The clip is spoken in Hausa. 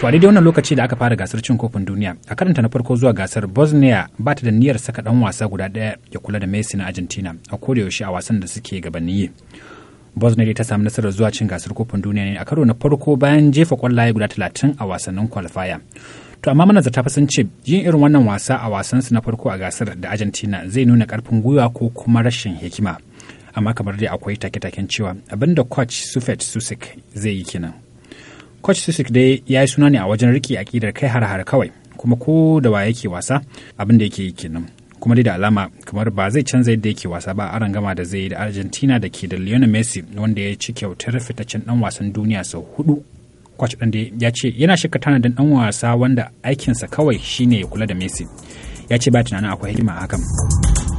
To a daidai wannan lokaci da aka fara gasar cin kofin duniya, a karanta na farko zuwa gasar Bosnia ba ta da niyyar saka dan wasa guda ɗaya ya kula da Messi na Argentina a yaushe a wasan da suke gabanin yi. Bosnia dai ta samu nasarar zuwa cin gasar kofin duniya ne a karo na farko bayan jefa kwallaye guda talatin a wasannin kwalifaya. To amma manazarta fa fasan ce yin irin wannan wasa a wasansu na farko a gasar da Argentina zai nuna karfin gwiwa ko kuma rashin hikima. Amma kamar dai akwai take-taken cewa abinda coach Sufet Susik zai yi kenan. coach sisik dai ya yi suna ne a wajen rike aƙidar kai har-har kawai kuma ko da wa yake wasa abin da yake yi kenan kuma dai da alama kamar ba zai canza yadda yake wasa ba a gama da zai yi da argentina da ke da lionel messi wanda ya ci kyautar fitaccen dan wasan duniya sau hudu coach ɗin dai ya ce yana shirka tanadin dan wasa wanda aikinsa kawai shine ya kula da messi ya ce ba tunanin akwai hikima a hakan